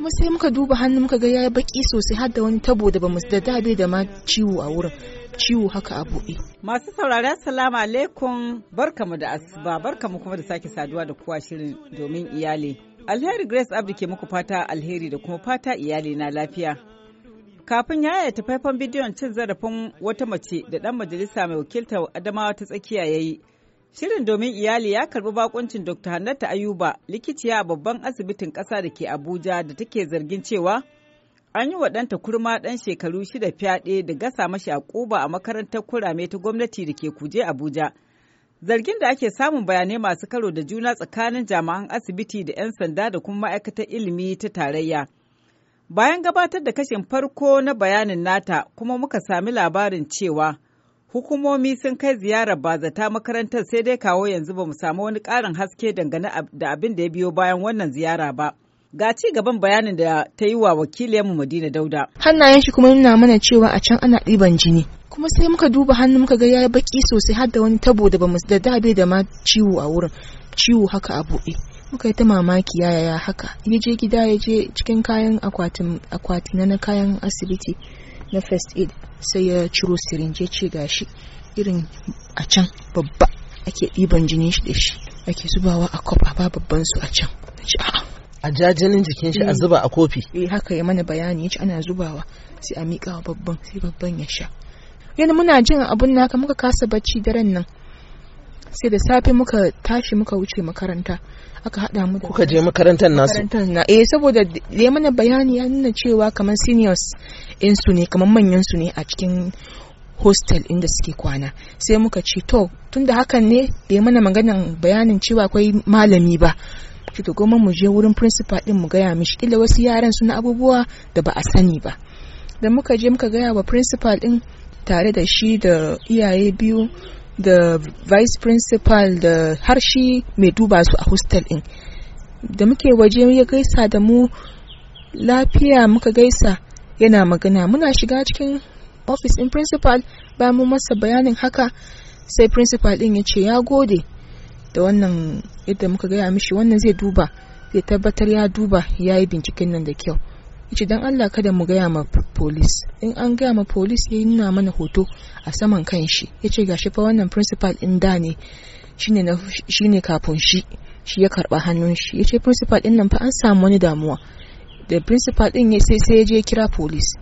kuma sai muka duba hannu muka ga ya baki sosai har da wani tabo da bamu da da bai da ma ciwo a wurin ciwo haka a buɗe. Masu sauraron salamu alaikum barkamu da asuba barkamu kuma da sake saduwa da kowa shirin domin iyali. Alheri Grace Abdi ke muku fata alheri da kuma fata iyali na lafiya. Kafin ya ta faifan bidiyon cin zarafin wata mace da ɗan majalisa mai wakilta Adamawa ta tsakiya ya yi, Shirin domin iyali ya karbi bakuncin Dr. Hannatu Ayuba, likiciya a babban asibitin ƙasa da ke Abuja da take zargin cewa an yi wa ɗanta kurma ɗan shekaru shida fyaɗe da gasa mashi a ƙuba a makarantar kurame ta gwamnati da ke kuje Abuja. Zargin da ake samun bayanai masu karo da juna tsakanin jami'an asibiti da 'yan sanda da kuma ma'aikatar ilimi ta tarayya. Bayan gabatar da kashin farko na bayanin nata kuma muka sami labarin cewa. Hukumomi sun kai ziyarar zata makarantar sai dai kawo yanzu ba mu samu wani ƙarin haske dangane da abin da ya biyo bayan wannan ziyara ba. Ga ci gaban bayanin da ta yi wa wakiliyarmu Madina Dauda. Hannayen shi kuma nuna mana cewa a can ana ɗiban jini. Kuma sai muka duba hannu muka ga yayi baki sosai har da wani tabo da bamu da dabe da ma ciwo a wurin. Ciwo haka a buɗe. Muka yi ta mamaki yaya haka. Ya je gida ya je cikin kayan akwatin na kayan asibiti. na first aid sai ya ciro sirinje ce gashi irin a can babba ake ɗiban jinin shi da shi ake zubawa a kwaf ba babban su a can a jajanin jikin shi a zuba a kofi eh haka ya mana bayani yace ana zubawa sai a miƙa wa babban sai babban ya sha yana muna jin abun naka muka kasa bacci daren nan sai da safe muka tashi muka wuce makaranta aka haɗa mu da kuka je makarantar nasu makarantar na eh saboda da ya mana bayani ya nuna cewa kamar seniors in su ne kamar manyan su ne a cikin hostel inda suke kwana sai muka ce to tunda hakan ne da ya mana maganan bayanin cewa akwai malami ba ki to goma mu je wurin principal din mu gaya mishi kila wasu yaran suna abubuwa da ba a sani ba da muka je muka gaya wa principal din tare da shi da iyaye biyu da vice principal da harshe mai duba su a hostel din da muke waje ya gaisa da mu lafiya muka gaisa yana magana muna shiga cikin office in principal bayan mu masa bayanin haka sai principal din ya ce ya gode da wannan yadda muka gaya mishi wannan zai duba zai tabbatar ya duba ya yi binciken nan da kyau yace dan Allah kada mu gaya ma police in an gaya ma police ya nuna mana hoto a saman kan shi yace gashi fa wannan principal in da ne shine na shine kafin shi shi ya karba hannun shi yace principal din nan fa an samu wani damuwa da principal din ya sai sai ya je kira police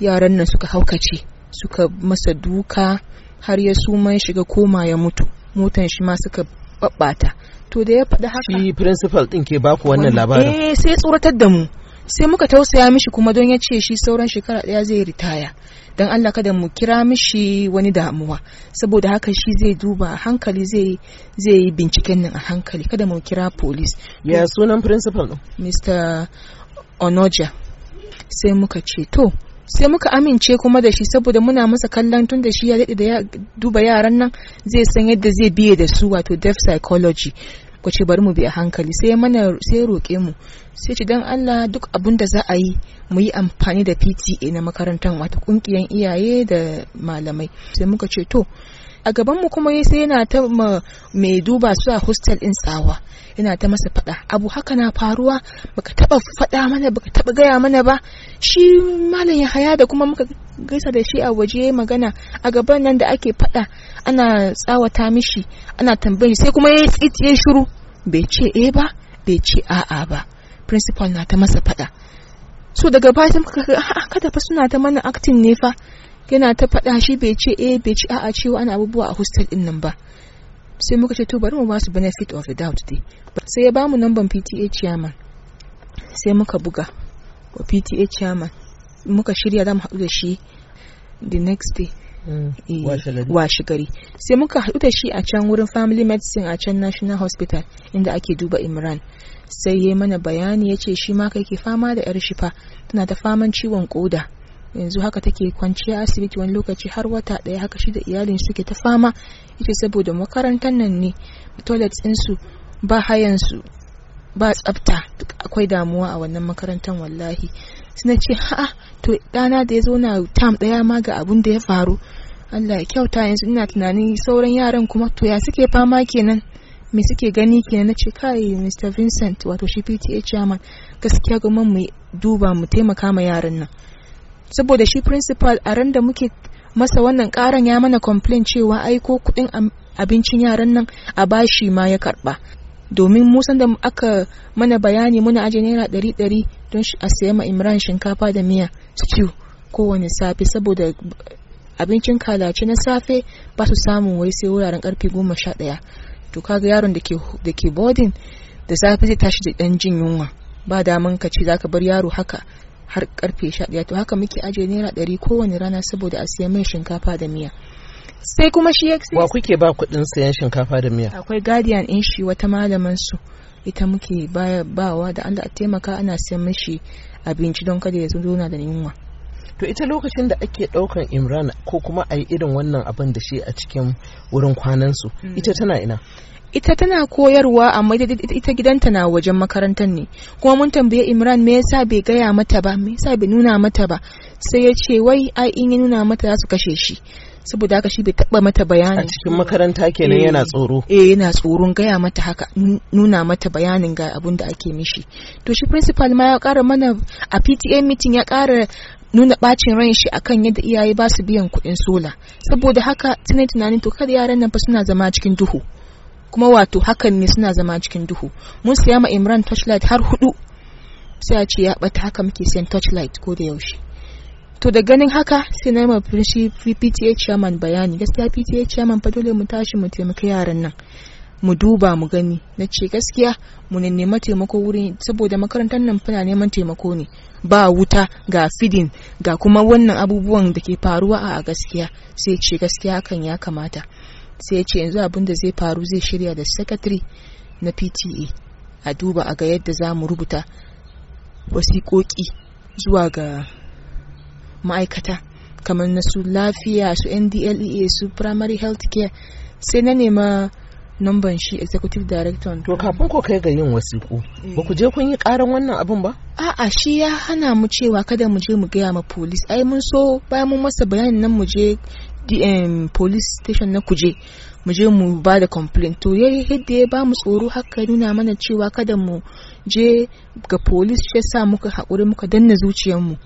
yaran nan suka haukace suka masa duka har ya suma ya shiga koma ya mutu motan shi ma suka babbata to da ya faɗi haka shi principal din ke baku wannan labarin eh sai tsoratar da mu sai muka tausaya mishi kuma don ya ce shi sauran shekara daya zai ritaya don allah kada mu kira mishi wani damuwa saboda haka shi zai duba a hankali zai yi binciken nan a hankali kada mu kira police ya sunan principal mr onoja sai muka ce to sai muka amince kuma da shi saboda muna masa kallon tun da shi ya daɗe da ya duba yaran nan zai san yadda zai biye da su wato deaf psychology ku ce bari mu bi a hankali sai mana sai roƙe mu sai ci dan Allah duk abin da za a yi mu yi amfani da PTA na makarantar wata kungiyar iyaye da malamai sai muka ce to a gaban mu kuma sai yana ta mai duba su a hostel din tsawa yana ta masa fada abu haka na faruwa baka taba fada mana baka taba gaya mana ba shi malam ya haya da kuma muka gaisa da shi a waje magana a gaban nan da ake faɗa ana tsawata mishi ana tambayi sai kuma ya tsitsiye shiru bai ce eh ba bai ce a'a ba principal na ta masa fada so daga baya muka kada fa suna ta mana acting ne fa yana ta faɗa shi bai ce eh bai ci a'a cewa ana abubuwa a hostel din nan ba sai muka ce to bari mu ba su benefit of the doubt dai sai ya ba mu number PTA chairman sai muka buga wa PTA chairman muka shirya za mu haɗu da shi the next day hmm. eh, washe gari sai muka haɗu da shi a can wurin family medicine a can national hospital inda ake duba imran sai ya mana bayani ya ce shi ma kai ke fama da yar shifa tana ta faman ciwon koda yanzu haka take kwanciya asibiti wani lokaci har wata daya haka shi da iyalin suke ta fama ita saboda makarantar nan ne toilet su ba hayansu ba tsafta akwai damuwa a wannan makarantar wallahi suna ce ha'a to dana da ya zo na tam daya ma ga abun da ya faru Allah ya kyauta yanzu ina tunanin sauran yaran kuma to ya suke fama kenan me suke gani kenan na ce kai Mr Vincent wato shi PTA chairman gaskiya gwamnati mu duba mu taimaka ma yaran nan saboda shi principal a ran da muke masa wannan karan ya mana complain cewa ai kudin abincin yaran nan a bashi ma ya karba domin musan da aka mana bayani muna aje naira ɗari ɗari don a siya ma imran shinkafa da miya stew kowane safe saboda abincin kalace na safe ba su samun wai sai wuraren karfe goma sha ɗaya to kaga yaron da ke boarding da safe zai tashi da ɗan jin yunwa ba daman ka ce zaka bar yaro haka har karfe sha ɗaya to haka muke ajiye naira ɗari kowane rana saboda a siya min shinkafa da miya sai kuma shi ya wa kuke ba kuɗin sayan shinkafa da miya akwai guardian in shi wata malaman su ita muke baya bawa da an da taimaka ana siyan mishi abinci don kada ya zo da yunwa to ita lokacin da ake daukan imran ko kuma a yi irin wannan abin da shi a cikin wurin kwanansu hmm. ita tana ina ita tana koyarwa amma ita gidanta na wajen makarantar ne kuma mun tambaye imran me yasa bai gaya mata ba me yasa bai nuna mata ba sai ya ce wai ai in ya nuna mata za su kashe shi saboda haka shi bai taba mata bayanin a cikin makaranta kenan eh. yana tsoro eh yana tsoron gaya mata haka nuna mata bayanin ga abun da ake mishi to shi principal ma ya kara mana a PTA meeting ya kara nuna bacin ran shi akan yadda iyaye ba su biyan kuɗin sola saboda haka tunai tunanin to kar yaran nan fa suna zama cikin duhu kuma wato hakan ne suna zama cikin duhu mun siya ma Imran torchlight har hudu sai a ce ya bata haka muke siyan torchlight ko da yaushe to da ganin haka sai na ma PTA chairman bayani gaskiya PTA chairman fa dole mu tashi mu taimaka yaran nan mu duba mu gani na ce gaskiya mu nema taimako wuri saboda makarantar nan fana neman taimako ne ba wuta ga fidin ga kuma wannan abubuwan da ke faruwa a gaskiya sai ce gaskiya hakan ya kamata sai ce yanzu abin da zai faru zai shirya da secretary na pta a duba a ga yadda za mu rubuta wasiƙoƙi zuwa ga ma'aikata kamar na su lafiya su ndlea su primary health care sai na nema numban shi executive director to kafin ko kai ga yin wasiku ba ku je kun yi karan wannan abin ba a'a shi ya hana mu cewa kada mu je mu gaya ma police ai mun so bayan mun masa bayanin nan mu je dm police station na kuje mu je mu ba da complaint to yayi yadda ya ba mu tsoro haka nuna mana cewa kada mu je ga police shi sa muka haƙuri muka danna zuciyarmu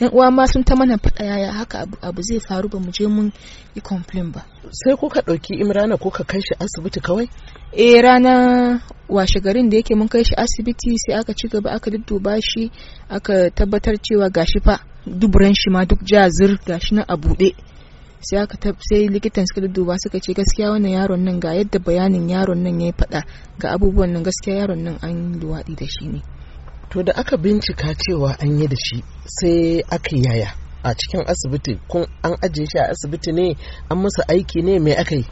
yan uwa ma sun ta mana faɗa yaya haka abu, zai faru ba mu je mun yi complain ba sai kuka ɗauki imrana ko ka kai shi asibiti kawai eh rana washe garin da yake mun kai shi asibiti sai aka ci gaba aka dudduba shi aka tabbatar cewa gashi fa duburan shi ma duk jazir gashi na a buɗe sai aka tab sai likitan suka dudduba suka ce gaskiya wannan yaron nan ga yadda bayanin yaron nan ya yi faɗa ga abubuwan nan gaskiya yaron nan an luwaɗi da shi ne to da aka bincika cewa an yi da shi sai aka yaya a cikin asibiti kun an ajiye shi a asibiti ne an masa aiki ne mai aka yi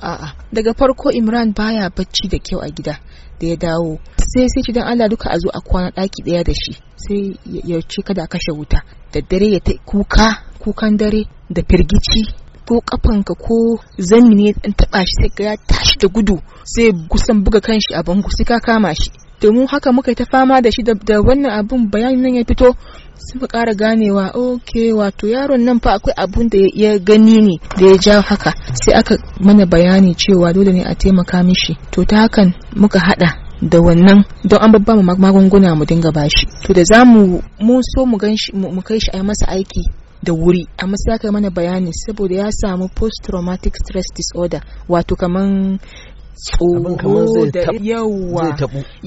a'a daga farko imran baya bacci da kyau a gida da ya dawo sai sai dan allah duka a zo a kwana daki daya da shi sai ya ce kada a kashe wuta da dare ya kuka kukan dare da firgici ko kafanka ko zamini ne ɗan taɓa shi sai ya tashi da gudu sai kusan buga kanshi a bango sai ka kama shi to mu haka muka ta fama da shi da wannan abun bayanin nan ya fito sun ka ganewa ok wato yaron nan fa akwai abun da ya gani ne da ya ja haka sai aka mana bayani cewa dole ne a taimaka mishi to ta hakan muka hada da wannan don an babba magunguna mu dinga bashi to da za mu mu so mu kai shi a masa aiki da wuri amma sai aka mana bayani saboda ya samu post traumatic stress disorder wato kaman tsoro da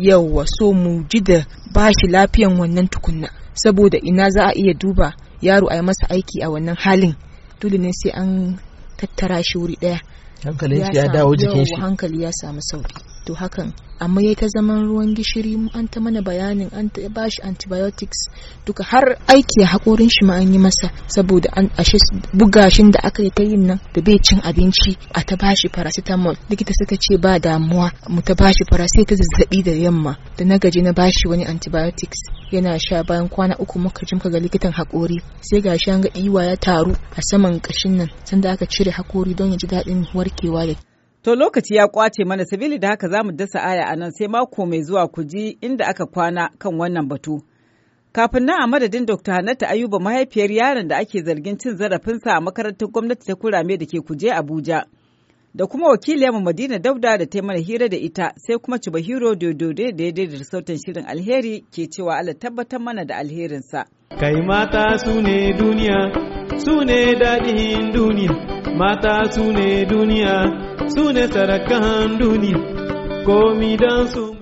yawwa so mu ji da ba shi lafiyan wannan tukunna saboda ina za a iya duba yaro a yi masa aiki a wannan halin dole ne sai an tattara shi wuri daya ya dawo jikin shi hankali ya samu sauki to hakan amma ya ta zaman ruwan gishiri mu an ta mana bayanin an ta ba shi antibiotics duka har aiki haƙorin shi ma an yi masa saboda an ashe bugashin da aka yi ta yin nan da bai cin abinci a ta ba shi paracetamol likita suka ce ba damuwa mu ta ba shi paracetamol zazzabi da yamma da na gaji na ba shi wani antibiotics yana sha bayan kwana uku muka ji muka ga likitan haƙori sai gashi an ga iwa ya taru a saman kashin nan sanda aka cire haƙori don ya ji daɗin warkewa da To lokaci ya kwace mana sabili da haka za mu dasa aya a nan sai mako mai zuwa ku ji inda aka kwana kan wannan batu. Kafin nan a madadin Dr. Hannatu Ayuba mahaifiyar yaron da ake zargin cin zarafinsa a makarantar gwamnati ta kurame da ke kuje Abuja. da kuma wakiliyarmu Madina Dauda da ta mana hira da ita sai kuma Bahiro Dododo da ya daidaita sautin shirin alheri ke cewa Allah tabbatar mana da alherinsa. Kai mata su ne duniya, su ne daɗin duniya, mata su ne duniya, su ne sarakan duniya, komi don su